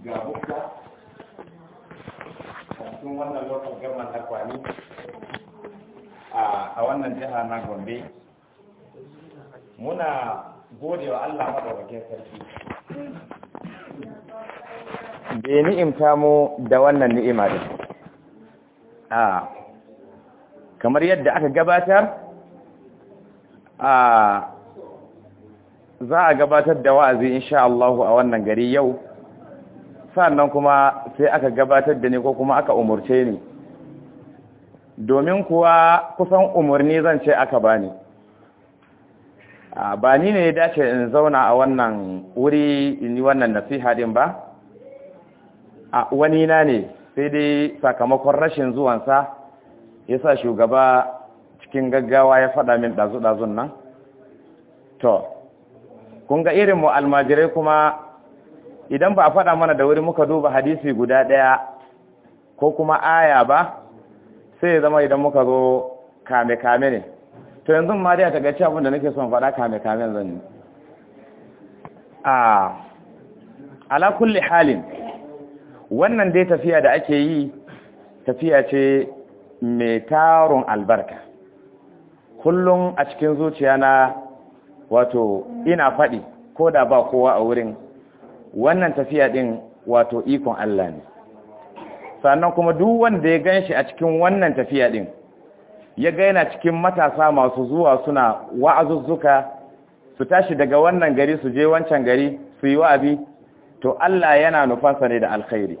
ga bukka a wannan lokacin gama na kwani a wannan jiha na gombe muna gode wa allah maɗaukakin sarki da ya ni'imta mu da wannan ni'ima da a kamar yadda aka gabatar a za a gabatar da wa'azi insha Allahu a wannan gari yau nan kuma sai aka gabatar da ni ko kuma aka umarce ni domin kuwa kusan umarni zan ce aka bani ba ni ne ya dace in zauna a wannan wuri in yi wannan nasiha din ba a wani na ne sai dai sakamakon rashin zuwansa ya sa shugaba cikin gaggawa ya faɗa min ɗazu-ɗazun nan to kun ga irin mu almajirai kuma idan ba a faɗa mana da wuri muka duba hadisi guda ɗaya ko kuma aya ba sai zama idan muka zo kame-kame ne to yanzu ma dai a tagaci abin nake son faɗa kame-kame zan yi a ala kulli halin wannan dai tafiya da ake yi tafiya ce mai tarun albarka kullum a cikin zuciya na wato ina faɗi ko da ba kowa a wurin wannan tafiya din wato ikon Allah ne sannan kuma duk wanda ya ganshi a cikin wannan tafiya din ya gaina cikin matasa masu zuwa suna wa'azuzzuka su tashi daga wannan gari su je wancan gari su yi wa'abi, to Allah yana nufansa ne da alkhairi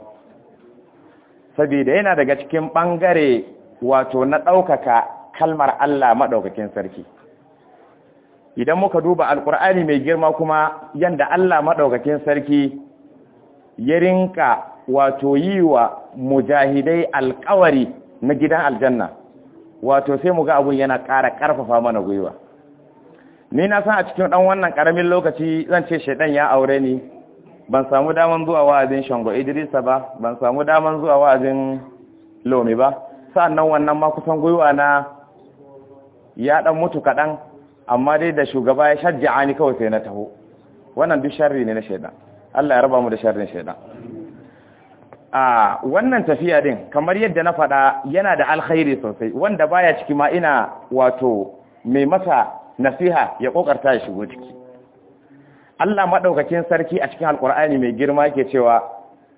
Sabida yana daga cikin ɓangare wato na ɗaukaka kalmar Allah maɗaukakin sarki idan muka duba alkur'ani mai girma kuma yanda Allah maɗaukakin sarki ya rinka wato yi wa mujahidai alkawari na gidan aljanna wato sai mu ga abun yana ƙara ƙarfafa mana gwiwa ni na san a cikin ɗan wannan ƙaramin lokaci zan ce shaidan ya aure ni ban samu daman zuwa wa'azin shango idrisa ba ban samu daman zuwa wa'azin lomi ba sa'annan wannan ma kusan gwiwa na ya ɗan mutu kaɗan amma dai da shugaba ya shajja ni kawai sai na taho wannan duk sharri ne na shaidan Allah ya raba mu da sharrin shaidan a wannan tafiya din kamar yadda na faɗa yana da alkhairi sosai wanda baya ciki ma ina wato mai masa nasiha ya kokarta ya shigo ciki Allah madaukakin sarki a cikin alkur'ani mai girma yake cewa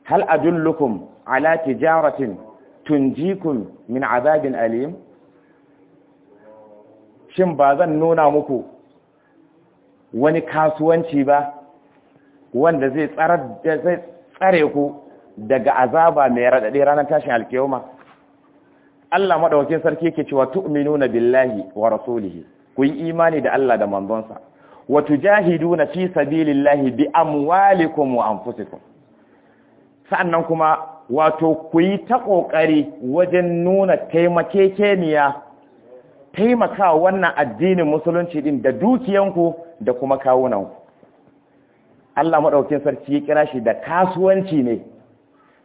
hal adullukum ala tijaratin tunjikum min azabin alim shin ba zan nuna muku wani kasuwanci ba wanda zai tsare ku daga azaba mai raɗaɗe ranar tashin alkiyoma Allah maɗaukin sarki ke cewa nuna billahi wa rasulihi ku yi imani da Allah da manzonsa jahidu na fi lillahi bi amwalikum wa Sa'an nan kuma wato ku yi ta ƙoƙari wajen nuna taimakekeniya taimaka wannan addinin musulunci din da dukiyanku da kuma kawunanku Allah maɗaukin sarki ya kira shi da kasuwanci ne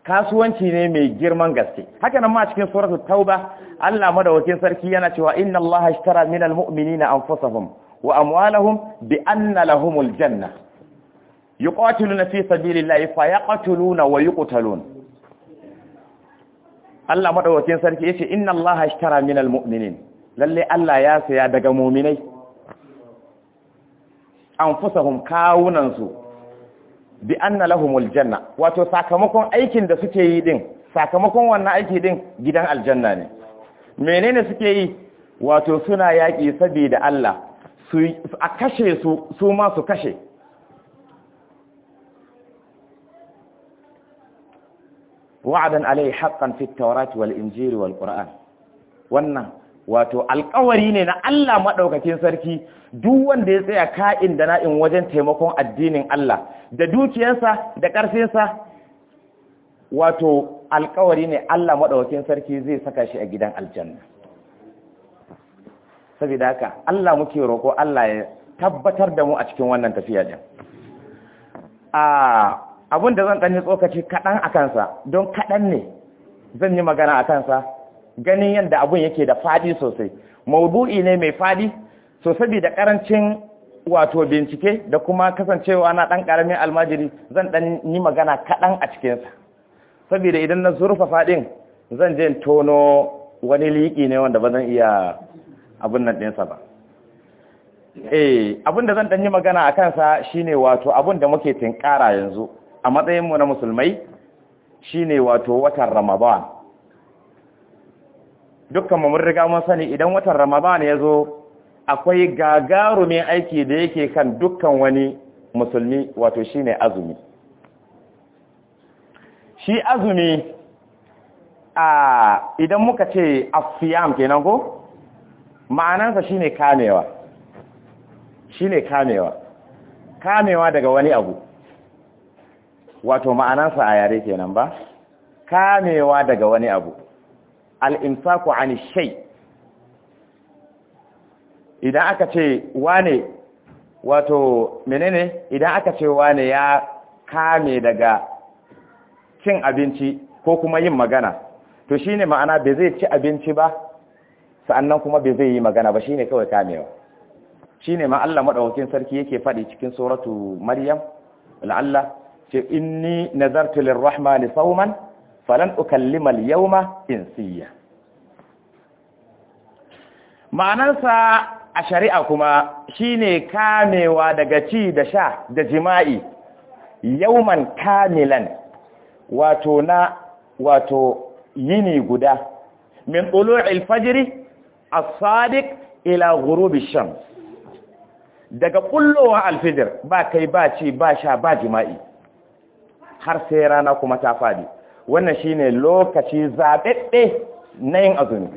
kasuwanci ne mai girman gaske haka nan ma cikin suratul tauba Allah maɗaukin sarki yana cewa inna Allah ashtara minal mu'minina anfusahum wa amwalahum bi anna lahumul janna yuqatiluna fi sabilillahi fayaqtuluna wa yuqtalun Allah maɗaukin sarki yace inna Allah ashtara minal mu'minin lalle Allah ya saya daga muminai anfusahum kawunansu bi anna lahumul janna wato sakamakon aikin da suke yi din sakamakon wannan aiki din gidan aljanna ne menene suke yi wato suna yaƙi saboda Allah su a kashe su su ma su kashe wa'adan alai haqqan fit tawrat wal injili wal qur'an wannan wato alkawari ne na Allah maɗaukakin sarki duk wanda ya tsaya ka'in da na'in wajen taimakon addinin Allah da dukiyarsa da ƙarfinsa wato alkawari ne Allah maɗaukakin sarki zai saka shi a gidan aljanna saboda haka Allah muke roƙo Allah ya tabbatar da mu a cikin wannan tafiya din abin da zan yi tsokaci kaɗan a kansa don kaɗan ne zan yi magana a kansa ganin yadda abun yake da fadi sosai maudu'i ne mai fadi so saboda karancin wato bincike da kuma kasancewa na ɗan ƙaramin almajiri zan dan yi magana kaɗan a cikinsa saboda idan na zurfa fadin zan je tono wani liki ne wanda ba zan iya abin nan ɗinsa ba eh abin da zan dan yi magana a kansa shine wato abin da muke tinkara yanzu a matsayin mu na musulmai shine wato watan ramadan dukkan mu mun riga mun sani idan watan Ramadan ya zo akwai gagarumin aiki da yake kan dukkan wani musulmi wato shine azumi shi azumi a idan muka ce afiyam kenan ko ma'anansa shine kamewa shine kamewa kamewa daga wani abu wato ma'anansa a yare kenan ba kamewa daga wani abu al'imsaku ani shai idan aka ce wane wato menene idan aka ce wane ya kame daga cin abinci ko kuma yin magana to shine ma'ana bai zai ci abinci ba sa'annan kuma bai zai yi magana ba shine kawai kamewa Shi ma Allah maɗaukin sarki yake faɗi cikin suratu maryam la'alla ce inni nazartu lirrahmani sauman. falan ukallimal yauma insiya ma'anarsa a shari'a kuma shine kamewa daga ci da sha da jima'i yauman kamilan wato na wato yini guda min tulu'il fajiri as-sadiq ila ghurubi shams daga kullowa alfijir ba kai ba ci ba sha ba jima'i har sai rana kuma ta fadi wannan shine lokaci zaɓaɓɓe na yin azumi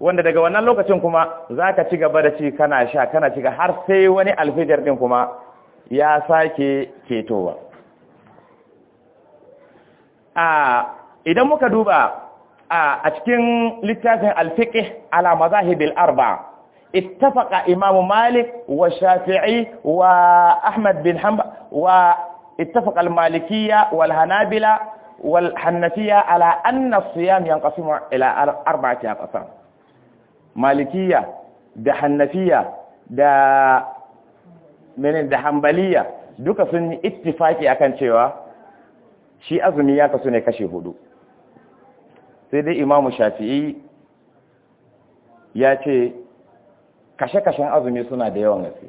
wanda daga wannan lokacin kuma za ka ci gaba da ci kana sha kana ci har sai wani alfijar ɗin kuma ya sake ketowa idan muka duba a cikin littafin alfiƙi ala mazahibil arba ittafaqa imam malik wa shafi'i wa ahmad bin hanbal wa ittafaqa al-malikiyya wal hanabila wal hanafiya ala anna siyam yanqasimu ila arba'ati aqsam malikiya da hanafiya da hanbaliya duka sun yi ittifaki akan cewa shi azumi ya kasu kashe hudu sai dai imamu shafi'i ya ce kashe-kashen azumi suna da yawan gaske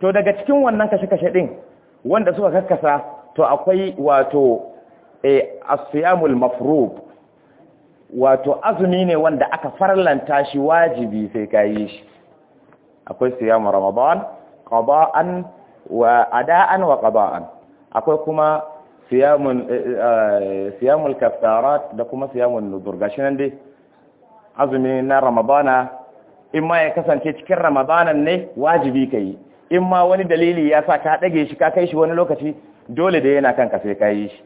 to daga cikin wannan kashe-kashe din wanda suka kakkasa to akwai wato e eh, asiyamul mafrub wato azumi ne wanda aka farlanta shi wajibi sai ka yi shi akwai siyam ramadan qada'an wa ada'an wa qada'an akwai kuma siyamun eh, eh, siyamul kaftarat da kuma siyamun nudur gashi nan dai azumi na ramadana in ma ya kasance cikin ramadanan ne wajibi ka yi in ma wani dalili ya sa ka ɗage shi ka kai shi wani lokaci dole da yana kanka sai ka yi shi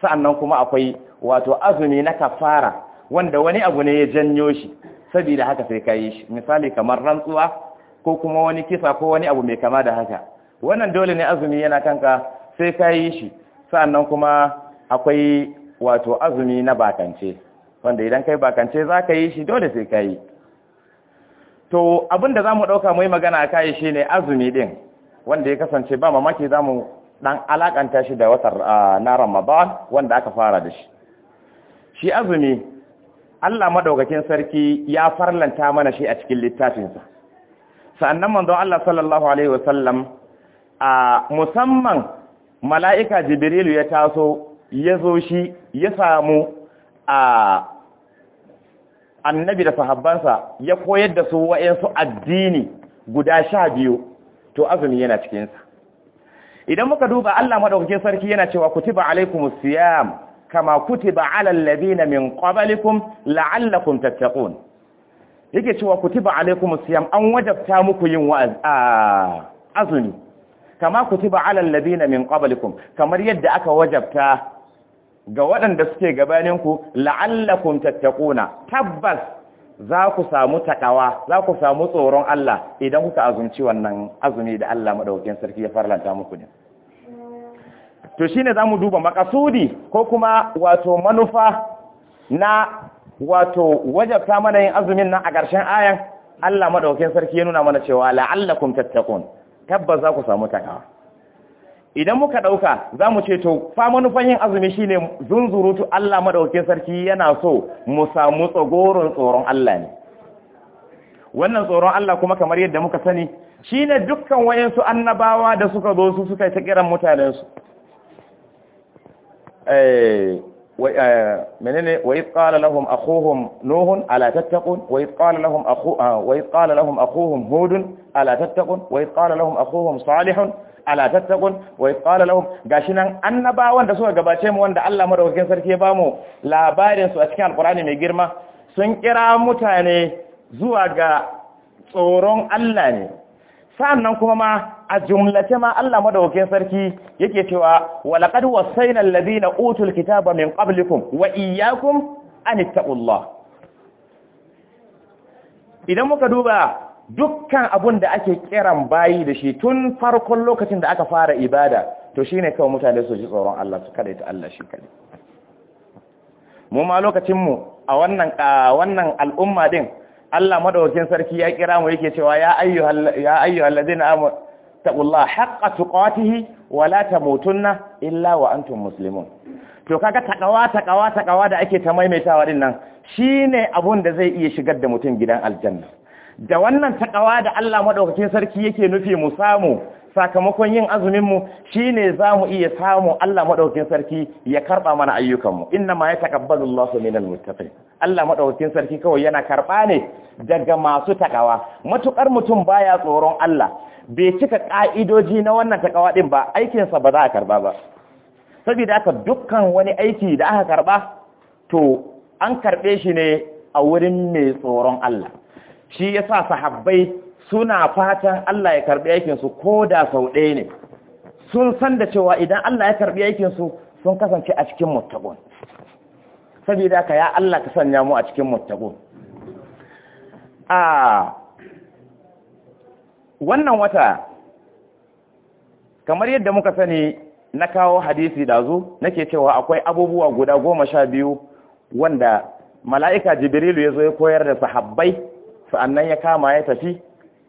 sa'annan kuma akwai wato azumi na kafara wanda wani abu ne ya janyo shi saboda haka sai ka yi shi misali kamar rantsuwa ko kuma wani kisa ko wani abu mai kama da haka wannan dole ne azumi yana kanka sai ka yi shi sa'annan kuma akwai wato azumi na bakance wanda idan kai bakance za ka yi shi dole sai ka yi to abinda za mu ɗauka mu magana a kayi shi ne azumi ɗin wanda ya kasance ba mamaki za mu dan alakanta shi da watar ah, na Ramadan wanda aka fara da shi shi azumi Allah madaukakin sarki ya farlanta mana shi a cikin littafinsa sannan manzon Allah sallallahu alaihi wasallam a ah, musamman mala'ika Jibrilu ya taso ya zo shi ya samu a ah, annabi da sahabbansa ya koyar da su wayansu addini guda sha biyu to azumi yana cikinsa idan muka duba Allah madaukakin sarki yana cewa kutiba alaikumus siyam kama kutiba alal ladina min qablikum la'allakum tattaqun yake cewa kutiba alaikumus siyam an wajabta muku yin azumi kama kutiba alal ladina min qablikum kamar yadda aka wajabta ga waɗanda suke gabaninku la'allakum tattaquna tabbas za ku samu taƙawa za ku samu tsoron Allah idan kuka azumci wannan azumi da Allah maɗaukin sarki ya farlanta muku ne to shi ne za mu duba makasudi ko kuma wato manufa na wato wajabta mana yin azumin nan a ƙarshen ayan Allah maɗaukin sarki ya nuna mana cewa la'allakum tattaqun tabbas za ku samu takawa idan muka ɗauka za mu ce to fa manufan yin azumi shine zunzurutu Allah maɗauki sarki yana so mu samu tsogoron tsoron Allah ne wannan tsoron Allah kuma kamar yadda muka sani Shi ne dukkan wayansu annabawa da suka zo su suka ta kiran mutanensu. Eh, eh, menene wa iz lahum akhuhum nuh ala tattaqun wa lahum akhu ah, lahum salihun ala tattakun wa qala lahum gashi nan annabawan da suka gabace mu wanda Allah madaukakin sarki ya bamu labarinsu a cikin alqur'ani mai girma sun kira mutane zuwa ga tsoron Allah ne sannan kuma ma a jumlace ma Allah madaukakin sarki yake cewa walaqad wasayna alladhina utul kitaba min qablikum wa iyyakum an ittaqullah idan muka duba dukkan abun da ake kiran bayi da shi tun farkon lokacin da aka fara ibada to shine kawai mutane su ji tsoron Allah su kada ta Allah shi kada mu ma lokacinmu a wannan al'umma din Allah madaukakin sarki ya kira mu yake cewa ya ayyuhal ya ayyuhal ladina amanu taqullaha haqqa tuqatihi wa la tamutunna illa wa antum muslimun to kaga takawa takawa takawa da ake ta maimaitawa din nan shine abun da zai iya shigar da mutum gidan aljanna da wannan taƙawa da Allah maɗaukacin sarki yake nufi mu samu sakamakon yin azuminmu shi ne za mu iya samu Allah maɗaukacin sarki ya karɓa mana ayyukanmu inna ma ya taƙabbalu Allah su minal Allah maɗaukin sarki kawai yana karɓa ne daga masu taƙawa matuƙar mutum baya tsoron Allah bai cika ƙa'idoji na wannan taƙawa ɗin ba aikinsa ba za a karɓa ba saboda haka dukkan wani aiki da aka karɓa to an karɓe shi ne a wurin mai tsoron Allah shi yasa sahabbai suna fata Allah ya karbi aikinsu ko da sau ɗaya ne sun san da cewa idan Allah ya karɓi aikinsu, sun kasance a cikin muttaqun saboda ka ya Allah ka sanya mu a cikin muttaqun a wannan wata kamar yadda muka sani na kawo hadisi da zu nake cewa akwai abubuwa guda goma sha biyu wanda mala'ika jibrilu ya zo ya koyar da sahabbai sa'annan ya kama ya tafi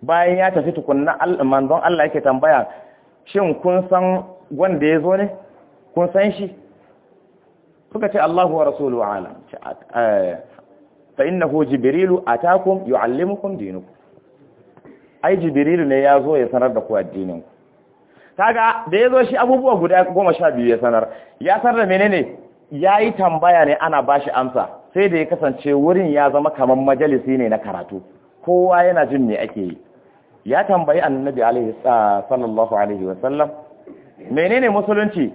bayan ya tafi tukunna manzon Allah yake tambaya shin kun san wanda ya zo ne kun san shi suka ce Allahu wa rasuluhu alam jibirilu a jibrilu yi allimukun dinu ai jibrilu ne ya zo ya sanar da ku addinin ku kaga da ya zo shi abubuwa guda goma sha biyu ya sanar ya sanar da menene ya yi tambaya ne ana ba shi amsa sai da ya kasance wurin ya zama kamar majalisi ne na karatu kowa yana jin me ake yi ya tambayi annabi alaihi sallallahu alaihi wa menene musulunci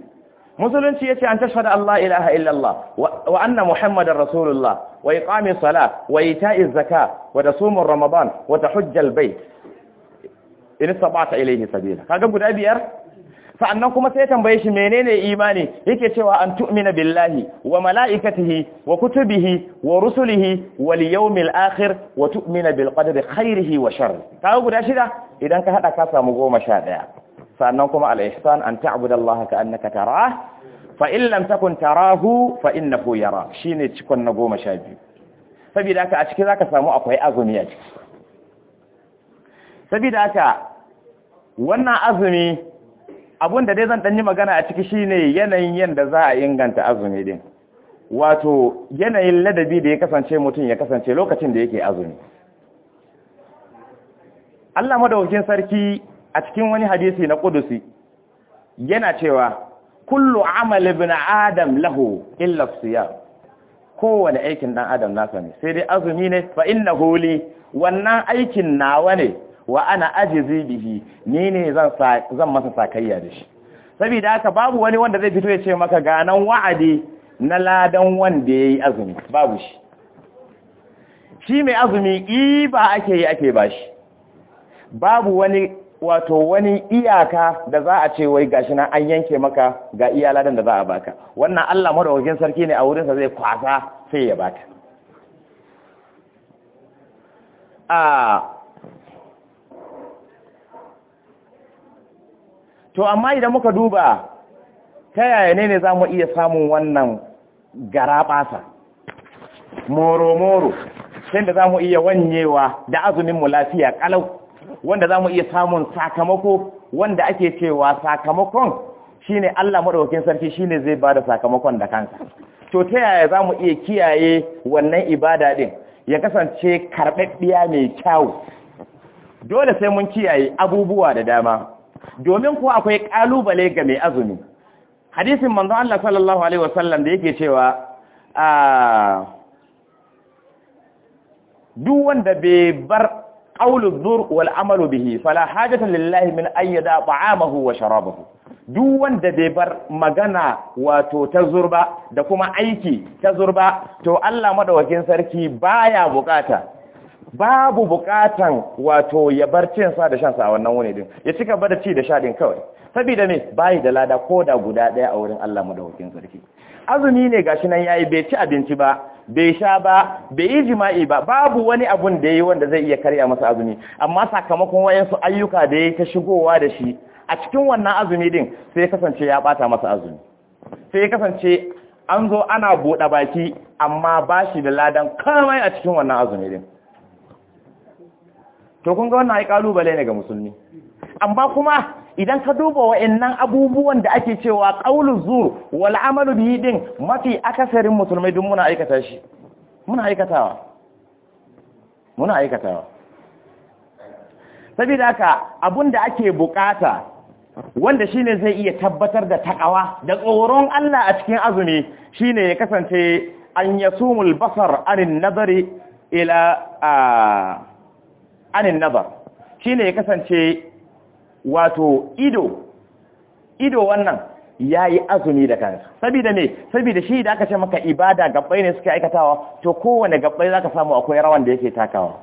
musulunci yace an tashhadu Allah ilaha illallah wa anna muhammadar rasulullah wa iqamis salat wa ita'iz zakat wa tasumur ramadan wa tahujjal bait in sabata ilayhi sabila kaga guda biyar sa'annan kuma sai tambaye shi menene imani yake cewa an tu'mina billahi wa mala'ikatihi wa kutubihi wa rusulihi wa yawmil akhir wa tu'mina bil qadri khairihi wa sharri ta guda shida idan ka haɗa ka samu goma sha ɗaya. sa'annan kuma al ihsan an ta'budallaha ka'annaka tarah fa in lam takun tarahu fa innahu yara cikon na goma sha biyu Sabida haka a ciki zaka samu akwai azumi a ciki saboda haka wannan azumi abun da dai zan ɗanyi magana a ciki shine yanayin yadda za a inganta azumi din wato yanayin ladabi da ya kasance mutum ya kasance lokacin da yake azumi Allah madaukakin sarki a cikin wani hadisi na kudusi yana cewa kullu amal ibn adam lahu illa siyam kowane aikin ɗan adam nasa ne sai dai azumi ne fa innahu li wannan aikin nawa ne wa ana ajizi bihi ni ne zan masa sakayya da shi saboda haka babu wani wanda zai fito ya ce maka ganan wa'adi na ladan wanda ya azumi babu shi shi mai azumi ba ake yi ake ba shi babu wani wato wani iyaka da za a ce wai gashi nan an yanke maka ga iya da za a baka wannan Allah madawakin sarki ne a wurin sa zai kwasa sai ya baka a ah, to amma idan muka duba ta yaya ne ne za mu iya samun wannan garaɓasa moro-moro sai da za mu iya wanyewa da azuminmu lafiya ƙalau wanda za mu iya samun sakamako wanda ake cewa sakamakon shine Allah maɗaukakin sarki shine zai ba da sakamakon da kansa to ta yaya za mu iya kiyaye wannan ibada ɗin ya kasance karɓaɓɓiya mai kyau dole sai mun kiyaye abubuwa da dama domin kuwa akwai ƙalubale ga mai azumi hadisin manzon Allah sallallahu alaihi wasallam da yake cewa a ah, duk wanda bai bar qawlu dhur wal amalu bihi fala hajata lillahi min ayyada ta'amahu wa sharabahu duk wanda bai bar magana wato ta zurba da kuma aiki ta zurba to Allah madawakin sarki baya bukata babu bukatan wato ya bar cin sa da shan sa a wannan wani din ya cika ba ci da sha kawai saboda me bai da lada ko da guda daya a wurin Allah madaukakin sarki azumi ne gashi nan yayi bai ci abinci ba bai sha ba bai yi jima'i ba babu wani abun da yayi wanda zai iya karya masa azumi amma sakamakon wayansu ayyuka da yayi ta shigowa da shi a cikin wannan azumi din sai kasance ya bata masa azumi sai kasance an zo ana buɗe baki amma bashi da ladan kamai a cikin wannan azumi din to kun ga wannan ai kalubale ne ga musulmi amma kuma idan ka duba wa'annan abubuwan da ake cewa qaulu zur wal amalu bihi din mafi akasarin musulmai duk muna aikata shi muna aikatawa muna aikatawa saboda haka abinda ake bukata wanda shine zai iya tabbatar da takawa da tsoron Allah a cikin azumi shine ya kasance an yasumul basar anin nazari ila anin nazar ne ya kasance wato ido ido wannan ya yi azumi da kansu saboda me saboda shi da aka ce maka ibada gabbai ne suke aikatawa to kowane gabbai zaka samu akwai rawan da yake takawa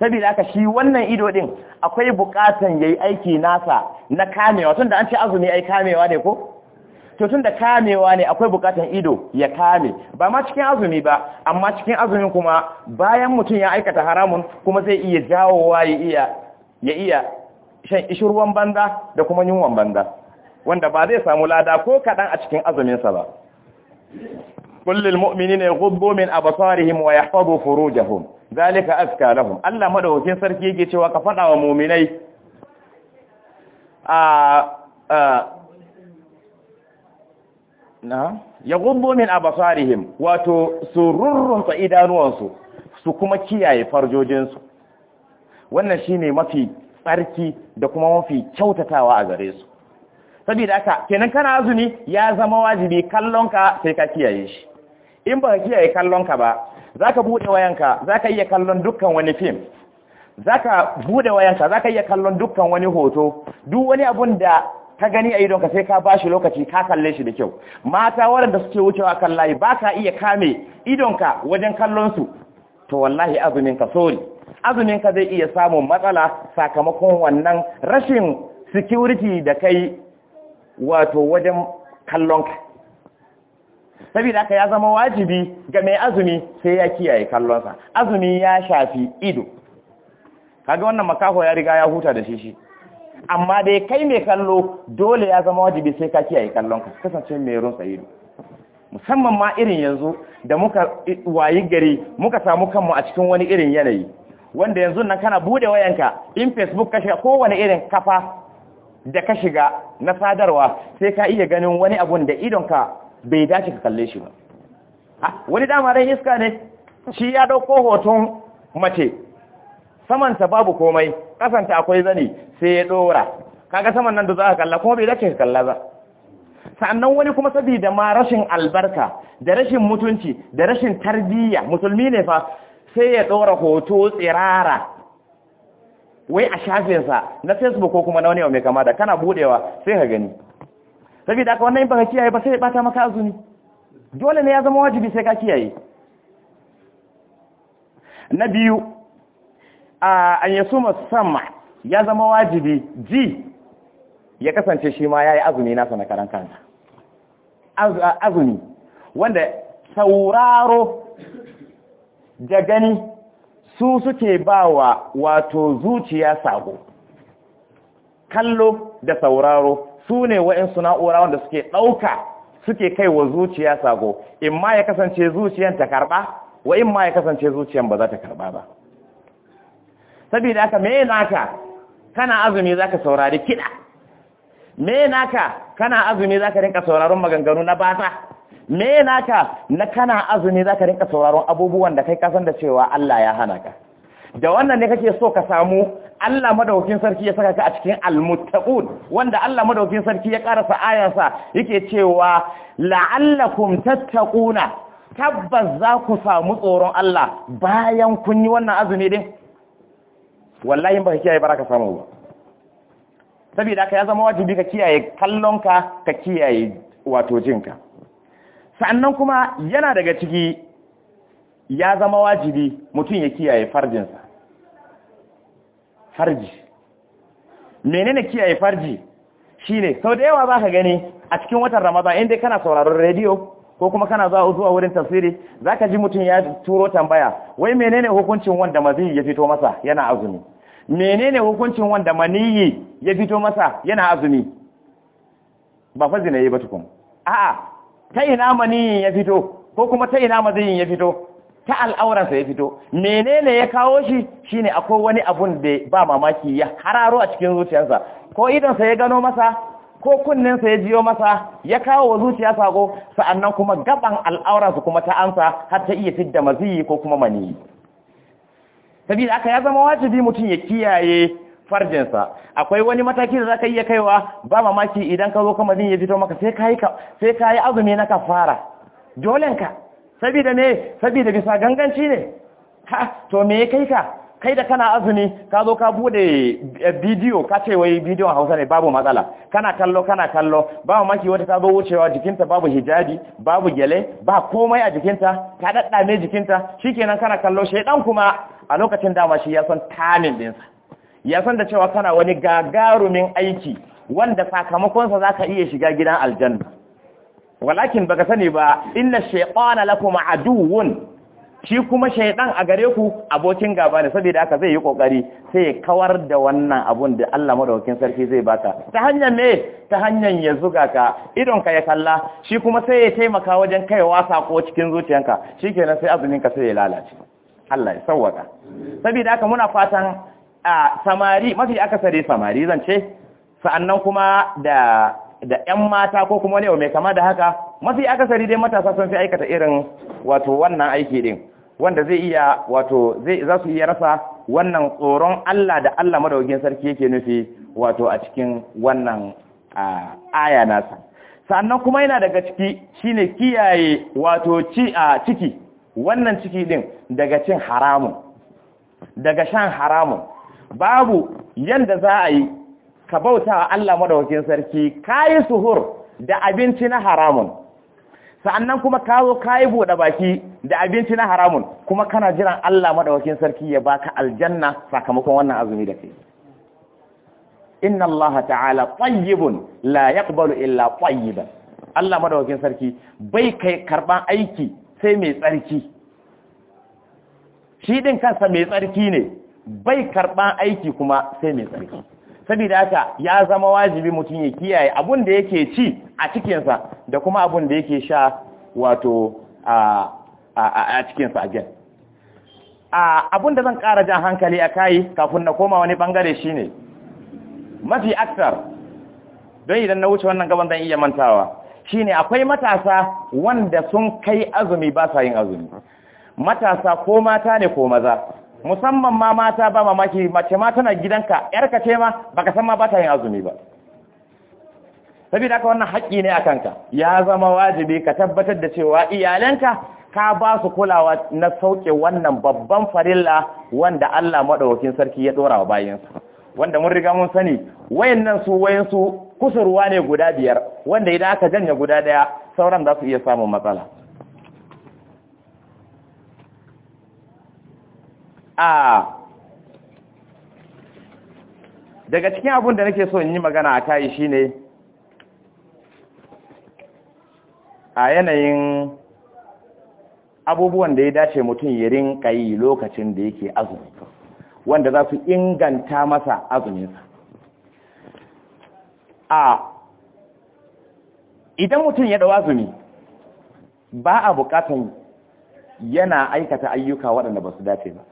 saboda aka shi wannan ido din akwai bukatan ya yi aiki nasa na kamewa Tun da an ce azumi ai kamewa ne ko to tun da kamewa ne akwai bukatan ido ya kame ba ma cikin azumi ba amma cikin azumin kuma bayan mutum ya aikata haramun kuma zai iya jawowa ya iya ya iya shan ishirwan banza da kuma yunwan banza wanda ba zai samu lada ko kaɗan a cikin azuminsa ba kullil mu'minina yaghuddu min absarihim wa yahfazu furujahum zalika azka lahum Allah madawakin sarki yake cewa ka faɗa wa mu'minai a na ya gumbo min basarihim wato su rurrunta idanuwansu su kuma kiyaye farjojinsu wannan shi ne mafi tsarki da kuma mafi kyautatawa a gare su da aka kenan kana azumi ya zama wajibi kallon ka sai ka kiyaye shi in baka kiyaye kallon ka ba za ka bude wayanka ka iya kallon dukkan wani fim za ka bude wayanka ka iya kallon dukkan wani hoto duk wani abun da ka gani a idonka sai ka bashi lokaci ka kalle shi da kyau mata waɗanda suke wucewa kan layi ba ka iya kame idonka wajen kallon su to wallahi azumin ka sori azumin zai iya samun matsala sakamakon wannan rashin security da kai wato wajen kallon ka saboda haka ya zama wajibi ga mai azumi sai ya kiyaye kallonsa azumi ya shafi ido kaga wannan makaho ya riga ya huta da shi shi amma dai kai mai kallo dole ya zama wajibi sai ka kiyaye kallon ka kasance mai rusa ido musamman ma irin yanzu da muka wayi gari muka samu kanmu a cikin wani irin yanayi wanda yanzu nan kana bude wayanka in facebook ka shiga kowane irin kafa da ka shiga na sadarwa sai ka iya ganin wani abun da idonka bai dace ka kalle shi ba wani dama ran iska ne shi ya dauko hoton mace samanta babu komai kasanta akwai zani sai ya dora kaga saman nan da za ka kalla kuma bai dace ka kalla ba sannan wani kuma saboda ma rashin albarka da rashin mutunci da rashin tarbiyya musulmi ne fa sai ya dora hoto tsirara wai a shafinsa na facebook ko kuma na wani mai kama da kana budewa sai ka gani saboda haka wannan ka kiyaye ba sai ya bata maka azumi dole ne ya zama wajibi sai ka kiyaye na biyu an anyasu masu sama ya zama wajibi ji ya kasance shi ma ya yi azumi nasa na karan kansa azumi wanda sauraro da gani su suke ba wa wato zuciya sago, kallo da sauraro su ne wa'insu na'ura wanda suke ɗauka suke kai wa zuciya sago in ma ya kasance zuciyan ta karɓa wa ma ya kasance zuciyan ba za ta karɓa ba saboda haka me naka kana azumi zaka saurari kiɗa. me naka kana azumi zaka rinka sauraron maganganu na bata me naka na kana azumi zaka rinka sauraron abubuwan da kai kasan da cewa Allah ya hana ka da wannan ne kake so ka samu Allah madaukakin sarki ya saka ka a cikin almuttaqun wanda Allah madaukakin sarki ya karasa ayansa yake cewa la'allakum tattaquna tabbas za ku samu tsoron Allah bayan kun yi wannan azumi din wallahi ba ka kiyaye ba ka samu ba saboda haka ya zama wajibi ka kiyaye kallonka ka kiyaye wato jinka sannan kuma yana daga ciki ya zama wajibi mutum ya kiyaye farjinsa farji menene kiyaye farji shine sau da yawa za ka gani a cikin watan ramadan inda kana sauraron rediyo ko kuma kana zuwa zuwa wurin tafsiri zaka ji mutum ya turo tambaya wai menene hukuncin wanda mazi ya fito masa yana azumi menene hukuncin wanda maniyi ya fito masa yana azumi ba fa zina yi ba tukun a'a ta ina maniyin ya fito ko kuma ta ina maziyin ya fito ta al'auransa ya fito menene ya kawo shi shine akwai wani abun da ba mamaki ya hararo a cikin zuciyarsa ko idonsa ya gano masa ko kunninsa ya jiyo masa ya kawo wa zuciya sako sa'annan kuma gaban al'auransa kuma ta ansa har ta iya fidda maziyi ko kuma maniyi sabida aka ya zama wajibi mutum ya kiyaye farjinsa akwai wani mataki da za ka iya kaiwa ba mamaki idan ka zo kama zin ya fito maka sai ka yi azumi na kafara dolen ka ne sabi da bisa ganganci ne ha to me ya kai ka kai da kana azumi ka zo ka bude eh, bidiyo ka ce wai bidiyon hausa ne babu matsala kana kallo kana kallo ba maki wata ta zo wucewa jikinta babu hijabi babu gyale ba komai a jikinta ka daddame jikinta shikenan kana kallo shedan kuma a lokacin dama shi ya san tamin dinsa ya san da cewa kana wani gagarumin aiki wanda sakamakonsa zaka iya shiga gidan aljanna walakin baka sani ba inna shaytana lakum aduwwun shi kuma shaidan a gare ku abokin gaba ne saboda haka zai yi kokari sai ya kawar da wannan abun da Allah madaukakin sarki zai baka ta hanyar me. ta hanyar ya zuga ka idon ka ya kalla shi kuma sai ya taimaka wajen kaiwa sako cikin zuciyanka shikenan sai azumin ka sai ya lalace Allah ya sauwaka saboda haka muna fatan a samari mafi akasari samari zan ce sa'annan kuma da da ƴan mata ko kuma ne mai kama da haka mafi akasari dai matasa sun fi aikata irin wato wannan aiki din wanda zai iya wato zai za su iya rasa wannan tsoron Allah da Allah madaukakin sarki yake nufi wato a cikin wannan aya nasa sannan kuma yana daga ciki shine kiyaye wato ci a ciki wannan ciki din daga cin haramun daga shan haramun babu yanda za a yi ka bauta wa Allah madaukakin sarki kayi suhur da abinci na haramun sannan kuma kawo kayi bude baki da abinci na haramun kuma kana jiran Allah madawakin sarki ya baka aljanna sakamakon wannan azumi da kai inna Allah ta'ala tayyibun la yaqbalu illa tayyiban Allah madawakin sarki bai kai karban aiki sai mai tsarki shi din kansa mai tsarki ne bai karban aiki kuma sai mai tsarki saboda haka ya zama wajibi mutum ya kiyaye abun da yake ci a cikinsa da kuma abun da yake sha wato a a cikinsu a gen da zan ƙara jan hankali a kayi kafin na koma wani ɓangare shi ne mafi aksar don idan na wuce wannan gaban zan iya mantawa shi ne akwai matasa wanda sun kai azumi ba sa yin azumi matasa ko mata ne ko maza musamman ma mata ba mamaki mace ma tana gidanka yarka ce ma baka san ma ba ta yin azumi ba saboda aka wannan haƙƙi ne a kanka ya zama wajibi ka tabbatar da cewa iyalanka ka ba su kulawa na sauke wannan babban farilla wanda Allah maɗaukin sarki ya ɗora wa bayansu wanda mun riga mun sani wayannan su wayansu kusurwa ne guda biyar wanda idan aka janye guda daya sauran za su iya samun matsala a daga cikin abin da nake so in yi magana a shi shine a yanayin abubuwan da ya dace mutum ya rinka yi lokacin da yake azumi wanda za su inganta masa azuminsa a idan mutum ya dawa azumi ba a bukatan yana aikata ayyuka waɗanda ba su dace ba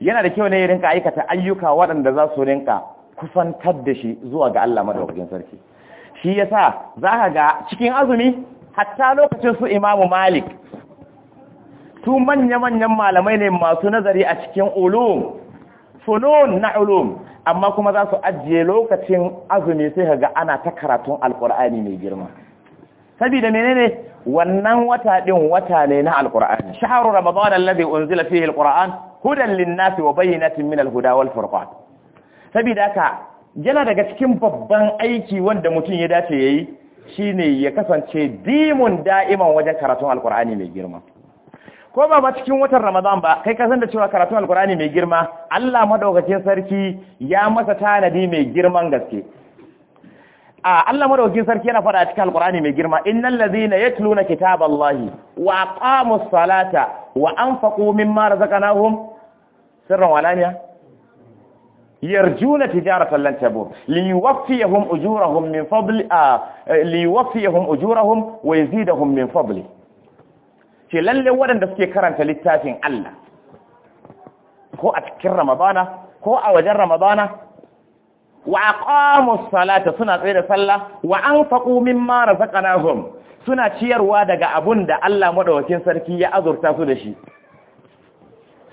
yana da kyau ne ya rinka aikata ayyuka waɗanda za su rinka kusantar da shi zuwa ga Allah madaukakin sarki shi yasa za ka ga cikin azumi hatta lokacin su imamu malik su manya-manyan malamai ne masu nazari a cikin ulum funun na ulum amma kuma za su ajiye lokacin azumi sai ga ana ta karatun alkur'ani mai girma saboda menene wannan wata din wata ne na alkur'ani shahru ramadan alladhi unzila fihi alquran hudan lin-nasi wa bayyinatin min al-huda wal-furqan saboda ka yana daga cikin babban aiki wanda mutum ya dace yayi shine ya kasance dimun da'iman wajen karatun alkur'ani mai girma ko ba ma cikin watan Ramadan ba kai ka san da cewa karatun Alkur'ani mai girma Allah madaukakin sarki ya masa tanadi mai girman gaske a Allah madaukakin sarki yana fara cikin Alkur'ani mai girma innal ladhina yatluna kitaballahi wa aqamus salata wa anfaqu mimma razaqnahum sirran walaniya yarjuna tijaratan lan tabur liwaffiyahum ujurahum min fadli liwaffiyahum ujurahum wa yazidahum min fadli ce lalle waɗanda suke karanta littafin Allah ko a cikin ramadana ko a wajen ramadana wa aqamu salata suna tsaye da sallah wa anfaqu mimma razaqnahum suna ciyarwa daga abun da Allah madawacin sarki ya azurta su da shi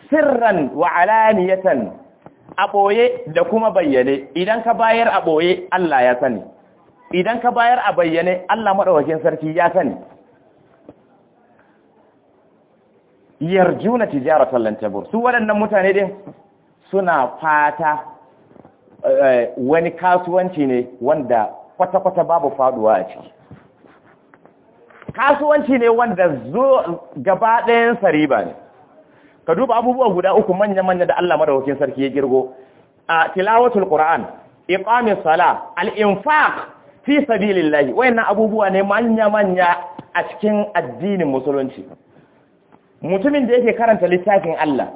sirran wa alaniyatan a boye da kuma bayyane idan ka bayar a Allah ya sani idan ka bayar a bayyane Allah madawacin sarki ya sani yarjuna tijaratan lan tabur su waɗannan mutane din suna fata eh, wani kasuwanci ne wanda kwata-kwata babu faduwa a ciki kasuwanci ne wanda zo gaba ɗayan sariba ne ka duba abubuwa guda uku manya-manya da Allah madaukakin sarki ya girgo a tilawatul ƙura'an Iqamin sala al-infaq fi lillahi wayannan abubuwa ne manya-manya a cikin addinin musulunci mutumin da yake karanta littafin Allah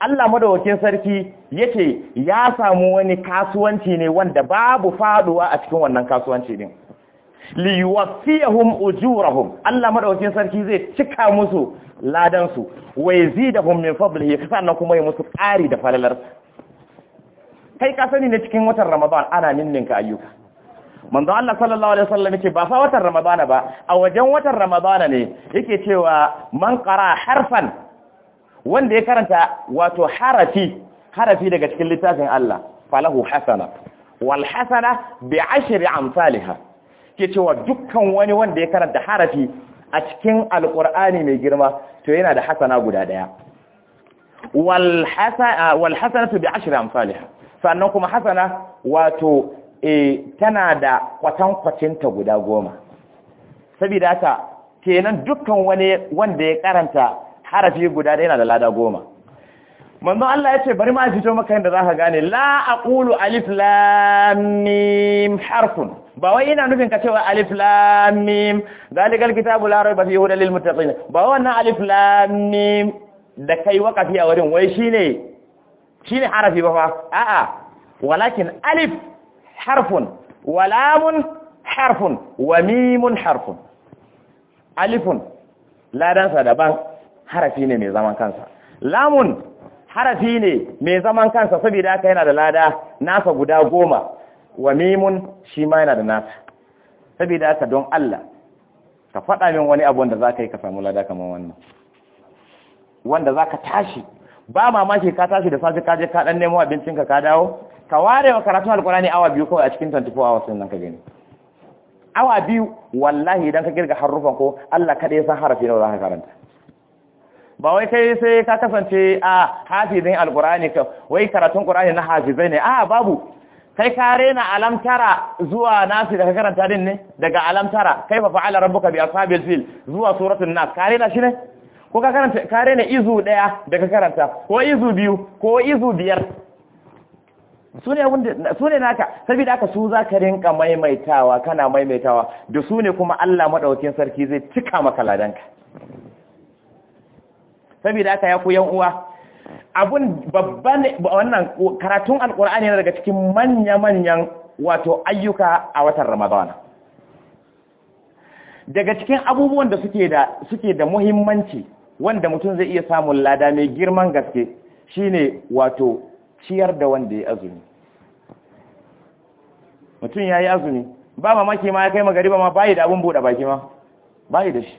Allah madawacin sarki yace ya samu wani kasuwanci ne wanda babu faduwa a cikin wannan kasuwanci din li yuwaffiyahum ujurahum Allah madawacin sarki zai cika musu ladan su da yazidahum min fadlihi sannan kuma ya musu ƙari da falalar kai ka sani ne cikin watan Ramadan ana ninninka ayyuka manzo Allah sallallahu alaihi wasallam yake ba fa watan ramadana ba a wajen watan ramadana ne yake cewa man qara harfan wanda ya karanta wato harafi harafi daga cikin littafin Allah falahu hasana wal hasana bi ashri amsalha ke cewa dukkan wani wanda ya karanta harafi a cikin alqur'ani mai girma to yana da hasana guda daya wal hasana wal hasanatu bi ashri amsalha sannan kuma hasana wato e tana da kwatan kwatankwacinta guda goma saboda haka kenan dukkan wani wanda ya karanta harafi guda da yana da lada goma manzo Allah ya ce bari ma fito maka yadda zaka gane la aqulu alif lam mim harfun ba wai ina nufin ka cewa alif lam mim zalikal kitabu la rayba fihi hudal lil muttaqin ba wannan alif lam mim da kai wakafi a wurin wai shine shine harafi ba fa a'a walakin alif harfun walamun harfun wa mimun harfun alifun ladansa daban harafi ne mai zaman kansa lamun harafi ne mai zaman kansa saboda haka yana da lada nasa guda goma wa mimun shi ma yana da nasa saboda haka don Allah ka faɗa min wani abu wanda za ka yi ka samu lada kamar wannan wanda za ka tashi ba mamaki ka tashi da safe ka je ka ɗan nemo abincinka ka dawo ka ware wa karatun alkurani awa biyu kawai a cikin 24 hours din nan ka gani awa biyu wallahi idan ka girga harufan ko Allah kaɗai ya san harafi nawa za ka karanta ba wai kai sai ka kasance a hafizin alkurani ka wai karatun ƙurani na hafizai ne a babu kai ka rena alamtara zuwa nasi da ka karanta din ne daga alamtara kai fa fa'ala rabbuka bi ashabil fil zuwa suratun nas ka rena shi ne ko ka karanta ka rena izu daya da ka karanta ko izu biyu ko izu biyar su ne naka da aka su za ka rinka maimaitawa kana maimaitawa da sune kuma Allah maɗaukin sarki zai cika maka ladanka da aka ya ku yan uwa abun babban wannan karatun alkur'ani yana daga cikin manya-manyan wato ayyuka a watan ramadana daga cikin abubuwan da suke da muhimmanci wanda mutum zai iya samun lada mai girman gaske shine wato ciyar da wanda ya azumi mutum ya yi azumi ba mamaki ma ya kai ba ma bayi da abin buɗe baki ma bayi da shi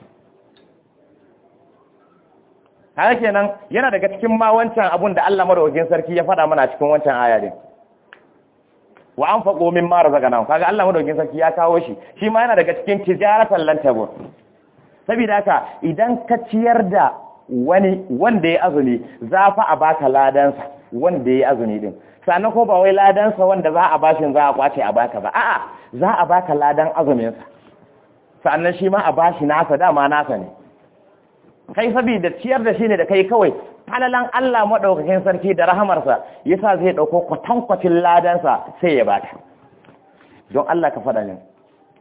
haka kenan yana daga cikin ma wancan abun da Allah marawajin sarki ya faɗa mana cikin wancan wa an din min mara zaga nan kaga Allah marawajin sarki ya kawo shi shi ma yana daga cikin tijaratan tabur saboda idan ka ciyar da wani wanda ya azumi za fa a baka ladansa wanda ya azumi din sannan ko ba wai Ladan sa wanda za a bashin za a kwace a baka ba a'a za a baka ladan azuminsa sannan shi ma a bashi nasa dama nasa ne kai saboda ciyar da shi ne da kai kawai falalan Allah maɗaukakin sarki da rahamarsa yasa zai ɗauko kwatankwacin ladansa sai ya baka. don Allah ka faɗa ne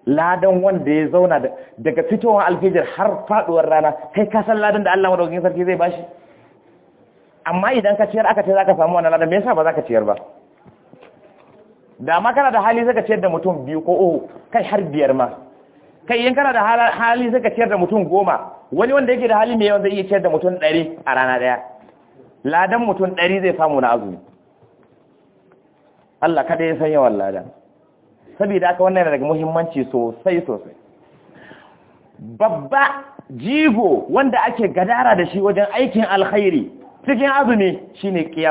ladan wanda ya zauna daga fitowar alfijir har faɗuwar rana kai ka san ladan da Allah madaukakin sarki zai bashi amma idan ka ciyar aka ce za ka samu wani ladan mesa yasa ba za ka ciyar ba da ma kana da hali zaka ciyar da mutum biyu ko uku kai har biyar ma kai in kana da hali zaka ciyar da mutum goma wani wanda yake da hali mai yawan zai iya ciyar da mutum ɗari a rana ɗaya ladan mutum ɗari zai samu na azumi Allah kada ya san yawan ladan saboda haka wannan daga muhimmanci sosai sosai babba jigo wanda ake gadara da shi wajen aikin alkhairi cikin azumi shine ne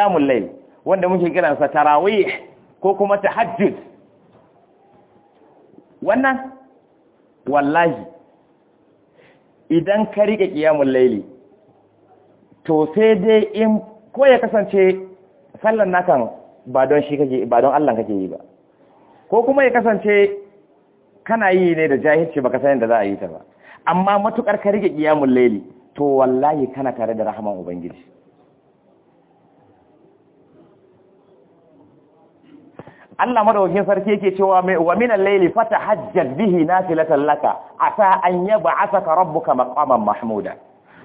layl lai wanda muke kiransa tarawih ko kuma tahajjud wannan wallahi idan ka riƙe qiyamul layli to sai dai in ko ya kasance sallan naka ba don shi kake ba don kake yi ba ko kuma ya kasance kana yi ne da jahilci ka san yadda za a yi ta ba amma matukar ka rike qiyamul layli to wallahi kana tare da rahaman ubangiji Allah madaukakin sarki yake cewa mai wa minal layli fatahajjat bihi nafilatan laka sa an yab'athaka rabbuka maqaman mahmuda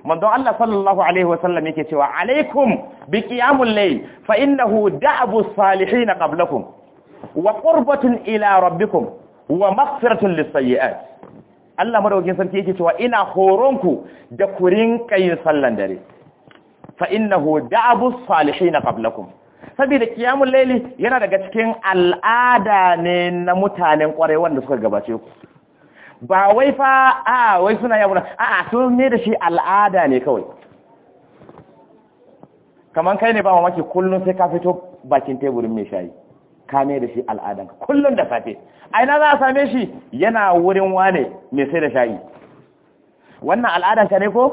manzo Allah sallallahu alaihi wasallam yake cewa alaikum bi qiyamul layl fa innahu da'abu salihin qablakum wa qurbatun ila rabbikum wa maghfiratun lis Allah madaukakin sarki yake cewa ina horonku da ku rinka yin sallan dare fa innahu da'abu salihin qablakum saboda kiyamul layli yana daga cikin al'ada ne na mutanen kware wanda suka gabace ku ba wai fa a wai suna yabo a a sun ne da shi al'ada ne kawai kaman kai ne ba mamaki kullun sai ka fito bakin teburin mai shayi ka mai da shi al'adan kullum da safe aina za a same shi yana wurin wane mai sai da shayi wannan al'adan ka ne ko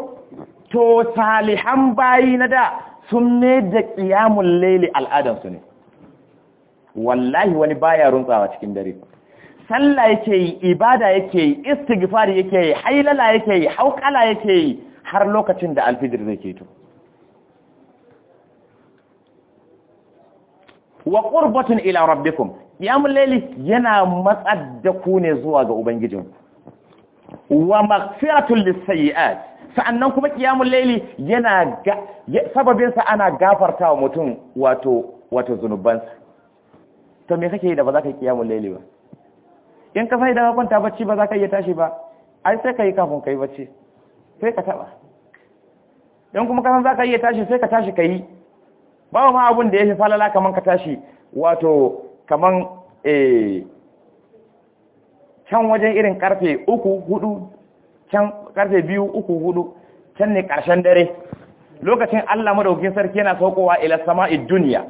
to salihan bayi na da sun ne da ƙiyamun laili al'adan su ne wallahi wani baya runtsawa cikin dare sallah yake yi ibada yake yi istighfar yake yi hailala yake yi haukala yake yi har lokacin da alfijir zai to wa ƙurbatun ila rabbikum qiyamul layli yana matsar da ku ne zuwa ga Ubangijin. wa maghfiratul lisayyi'at sa'annan kuma qiyamul laili yana sababin sa ana gafartawa mutum wato wato zanubansa to me kake yi da ba za ka yi qiyamul ba in ka sai da kwanta bacci ba za ka iya tashi ba ai sai ka yi kafin ka yi bacci sai ka taba don kuma kasan za ka iya tashi sai ka tashi ka yi ba ma abin da ya fi falala kaman ka tashi wato kaman eh, can wajen irin karfe uku hudu can karfe biyu uku hudu can ne karshen dare lokacin Allah Madaukin sarki yana saukowa ila sama'i duniya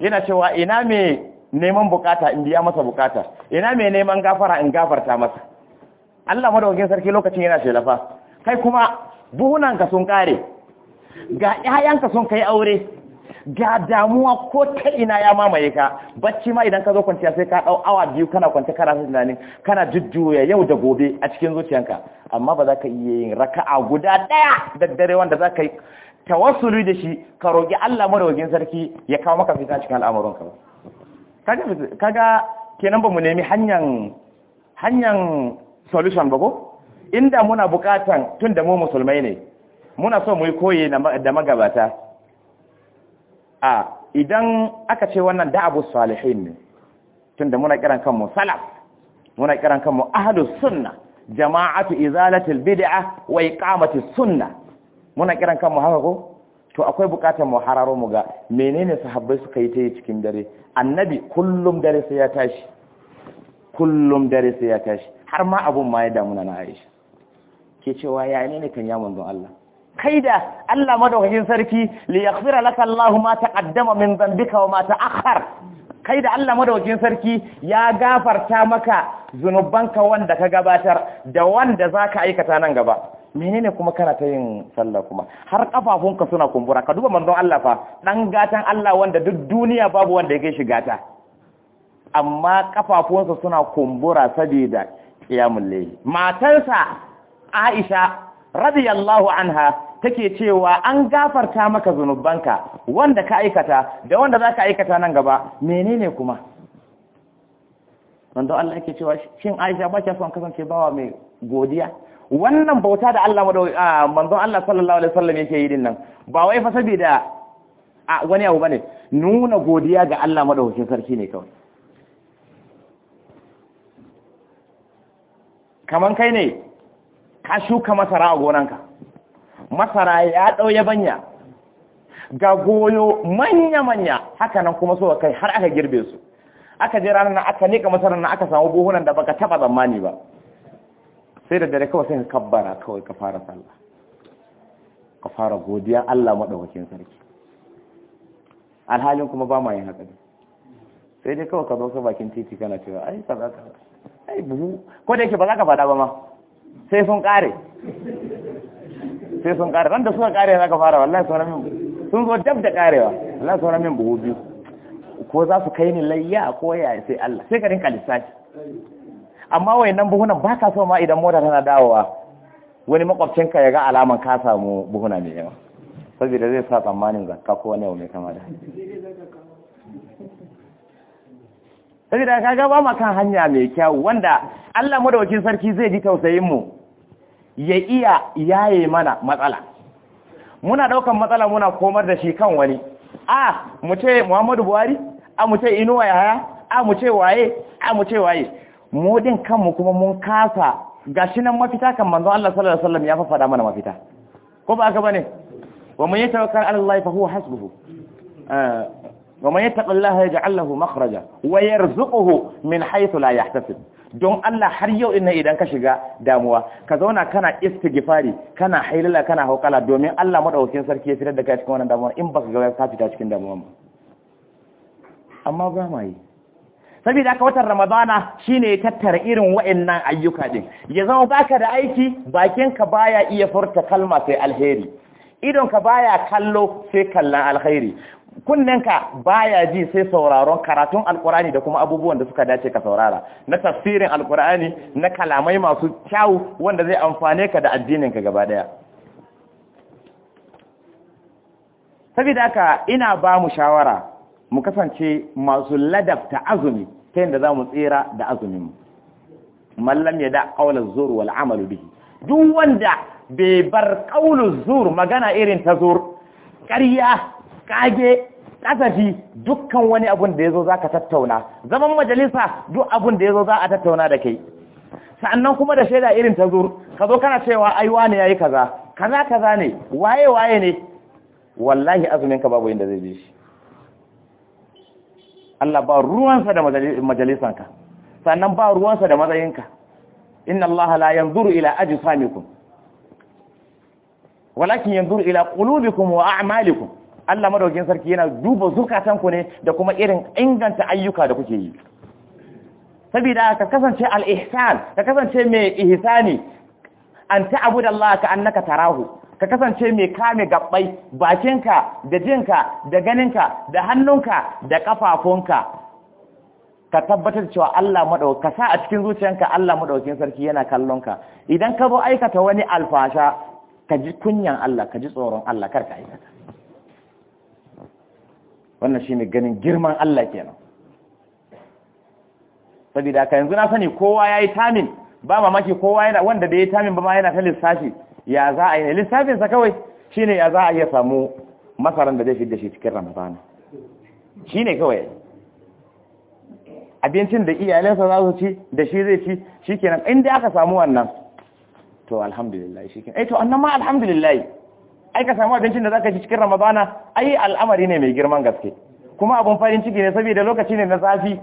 yana cewa ina me neman bukata in biya masa bukata ina mai neman gafara in gafarta masa Allah Madaukin sarki lokacin yana shelafa kai kuma buhunanka sun kare ga 'ya'yanka sun kai aure ga damuwa ko ta ina ya mamaye ka bacci ma idan ka zo kwanciya sai ka dau awa biyu kana kwance kana tunanin kana jujjuya yau da gobe a cikin zuciyanka amma ba za ka iya yin raka'a guda daya da dare wanda za ka yi tawassuli da shi ka roƙi Allah madawagin sarki ya kawo maka fita cikin al'amuranka kaga kaga kenan ba mu nemi hanyan hanyan solution ba ko inda muna bukatan tunda mu musulmai ne muna so mu yi koyi da magabata a idan aka ce wannan da abu salihin ne tunda muna kiran kanmu salaf muna kiran kanmu ahlus sunna jama'atu izalatil bid'a wa iqamatis sunna muna kiran kanmu haka ko to akwai bukatar mu hararo mu ga menene sahabbai suka yi ta yi cikin dare annabi kullum dare sai ya tashi kullum dare sai ya tashi har ma abun ma ya damuna na Aisha ke cewa ya ne ne kan ya manzon Allah kai da Allah madaukakin sarki li yaghfira laka Allahu ma taqaddama min dhanbika wa ma ta'akhkhar kai da Allah madaukakin sarki ya gafarta maka zunubanka wanda ka gabatar da wanda zaka aikata nan gaba menene kuma kana ta yin sallah kuma har kafafunka suna kumbura ka duba manzon Allah fa dan gatan Allah wanda duk duniya babu wanda yake shi gata amma kafafunsa suna kumbura sabida qiyamul layl matarsa Aisha radiyallahu anha take cewa an gafarta maka zunubanka wanda ka aikata da wanda za ka aikata nan gaba menene kuma wanda Allah yake cewa shin Aisha ba ta son kasance bawa mai godiya wannan bauta da Allah manzon Allah sallallahu alaihi wasallam yake yi dinnan ba wai fa saboda a wani abu bane nuna godiya ga Allah madaukakin sarki ne kawai kaman kai ne ka shuka masara a gonanka masara ya ɗau yabanya ga goyo manya-manya haka nan kuma so kai har aka girbe su aka je ranar aka nika masarar na aka samu buhunan da baka taba zamani ba sai da dare kawai sai ka kabbara kawai ka fara sallah ka fara godiya Allah maɗaukakin sarki alhalin kuma ba ma yin haka sai dai kawai ka zo ka bakin titi kana cewa ai sadaka ai buhu ko da yake ba za ka fada ba ma sai sun kare sai sun kare ran da suka kare za ka fara wallahi sauran min sun zo dab da karewa wallahi sauran min buhu biyu ko za su kai ni layya ko ya sai Allah sai ka rinka lissafi amma wayannan buhunan ba ka so ma idan mota tana dawowa wani ka ya ga alaman ka samu buhuna mai yawa saboda zai sa tsammanin zakka ko wani mai kama da da kaga ba mu kan hanya mai kyau wanda Allah madaukakin sarki zai ji tausayin mu ya iya yaye mana matsala muna daukan matsala muna komar da shi kan wani a mu ce Muhammadu Buhari a mu ce Inuwa Yahaya a mu ce waye a mu ce waye mu din kanmu kuma mun kasa gashi nan mafita kan manzo Allah sallallahu alaihi wasallam ya fa fada mana mafita ko ba haka bane wa yi yatawakkal ala Allah fa huwa hasbuhu eh. wa man yattaqillaha yaj'al lahu makhraja wa yarzuquhu min haythu la yahtasib don Allah har yau ina idan ka shiga damuwa ka zauna kana istighfari kana hailala kana haukala domin Allah madaukakin sarki ya fitar da kai cikin wannan damuwa in baka ga ka fita cikin damuwa ba amma ba ma saboda haka watan ramadana shine ya tattara irin wa'annan ayyuka din ya zama baka da aiki bakinka baya iya furta kalma sai alheri idonka baya kallo sai kallon alkhairi kunnen ka baya ji sai sauraron karatun alkurani da kuma abubuwan da suka dace ka saurara na tafsirin alkurani na kalamai masu kyau wanda zai amfane ka da addininka gaba daya saboda haka ina ba mu shawara mu kasance masu ladabta azumi ta da za mu tsira da azumin mallam ya da ƙaunar zuru wal amalu bihi duk wanda bai bar ƙaunin zur magana irin ta zur ƙarya ƙage ƙasafi dukkan wani abun da ya zo za ka tattauna zaman majalisa duk abun da ya zo za a tattauna da kai sa'annan kuma da shaida irin ta zur ka zo kana cewa ai wane ya yi kaza kaza kaza ne waye waye ne wallahi azuminka babu inda zai je shi Allah ba ruwansa da majalisanka sannan ba ruwansa da matsayinka inna Allah la yanzuru ila ajsamikum walakin yanzu ila qulubikum wa a'malikum Allah madaukin sarki yana duba zukatan ku ne da kuma irin inganta ayyuka da kuke yi saboda ka kasance al-ihsan ka kasance mai ihsani an ta'budu Allah ka annaka tarahu ka kasance mai kame gabbai bakinka da jinka da ganinka da hannunka da kafafunka ka tabbatar cewa Allah madaukin ka sa a cikin zuciyanka Allah madaukin sarki yana kallonka idan ka zo aikata wani alfasha ka ji kunyan Allah ka ji tsoron Allah kar ka aikata wannan shi ne ganin girman Allah kenan saboda ka yanzu na sani kowa ya yi tamin ba mamaki kowa yana wanda da yi tamin ba ma yana ta lissafi ya za a yi lissafin sa kawai ne ya za a iya samu masaran da zai fi da shi cikin Ramadana ne kawai abincin da iyalinsa za su ci da shi zai ci shi kenan inda aka samu wannan to alhamdulillah shi kenan, eh to annan ma alhamdulillah ai ka samu abincin da zaka ci cikin ramadana ai al'amari ne mai girman gaske kuma abun farin ciki ne saboda lokaci ne na zafi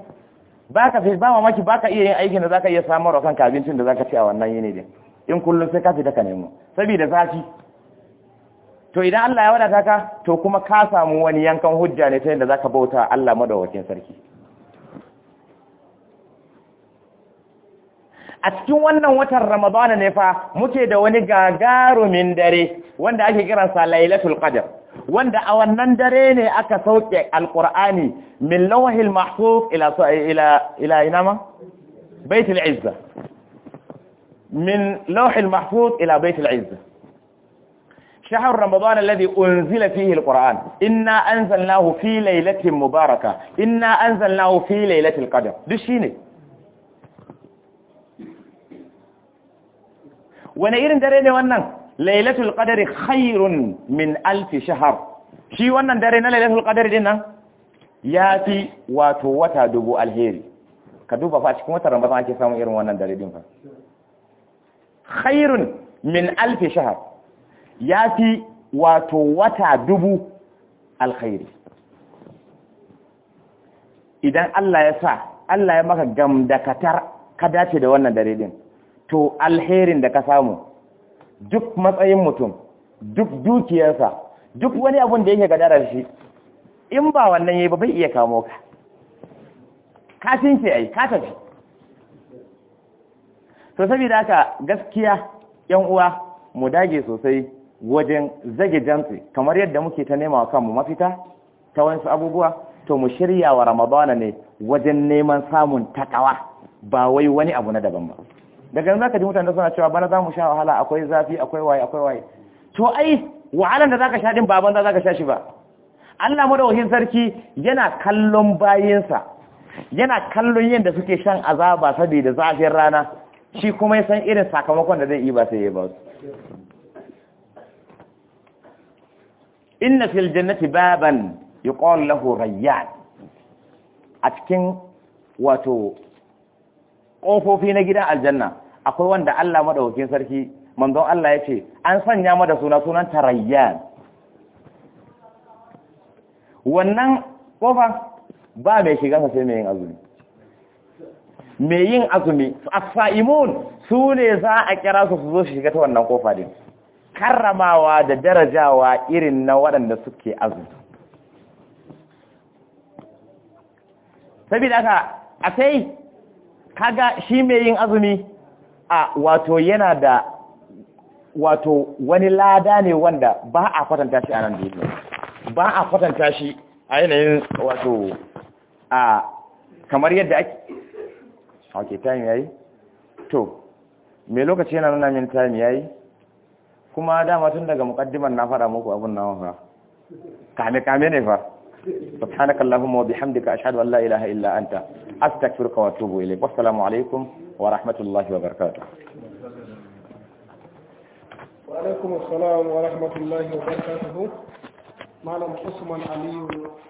baka fi ba mamaki baka iya yin aikin da zaka iya samar wa kanka abincin da zaka ci a wannan yini din in kullum sai ka fita ka nemo saboda zafi to idan Allah ya wadata ka to kuma ka samu wani yankan hujja ne ta yadda zaka bauta Allah madawakin sarki a cikin wannan watan ramadana ne fa muke da wani gagarumin dare wanda ake kiransa lailatul qadr wanda a wannan dare ne aka sauke alqur'ani min lawhil mahfuz ila ila ila inama baitul izza min lawhil mahfuz ila baitul izza شهر رمضان الذي أنزل فيه القرآن إنا أنزلناه في ليلة مباركة إنا أنزلناه في ليلة القدر دي شيني wani irin dare ne wannan lailatul qadari khairun min alfi shahar shi wannan dare na lailatul qadari din nan yafi wato wata dubu alheri ka duba fa cikin wata ramadan ake samun irin wannan dare din fa khairun min alfi shahar yafi wato wata dubu alkhairi idan Allah ya sa Allah ya maka gamdakatar ka dace da wannan dare din to alherin da ka samu duk matsayin mutum duk dukiyarsa duk wani abun da yake gadarar shi in ba wannan yayi ba bai iya kamo ka ka tinke ai ka tafi to saboda haka gaskiya yan uwa mu dage sosai wajen zage jantsi kamar yadda muke ta nema wa kanmu mafita ta wasu abubuwa to mu shirya wa ramadana ne wajen neman samun takawa ba wai wani abu na daban ba daga nan zaka ji mutane suna cewa bana za mu sha wahala akwai zafi akwai waye akwai waye to ai wahalan da zaka sha din ba banza zaka sha shi ba Allah madawahin sarki yana kallon bayinsa yana kallon yadda suke shan azaba saboda zafin rana shi kuma ya san irin sakamakon da zai yi ba sai ya ba su inna fil jannati baban yuqalu lahu rayyan a cikin wato ƙofofi na gidan aljanna akwai wanda Allah maɗaukin sarki manzon Allah ya ce an sanya mada suna sunan tarayyan wannan ƙofa ba mai shiga sai mai yin azumi mai yin azumi as-sa'imun su ne za a kira su su zo shiga ta wannan kofa din karramawa da darajawa irin na waɗanda suke azumi saboda haka a sai kaga shi mai yin azumi a wato yana da wato wani lada ne wanda ba a kwatanta shi a nan duniya ba a kwatanta shi a yanayin wato a kamar yadda ake ok time yayi to mai lokaci yana nuna min time yayi kuma dama tun daga mukaddiman na fara muku abin nan fa kame kame ne fa subhanaka allahumma wa bihamdika ashhadu an la ilaha wa atubu ilayk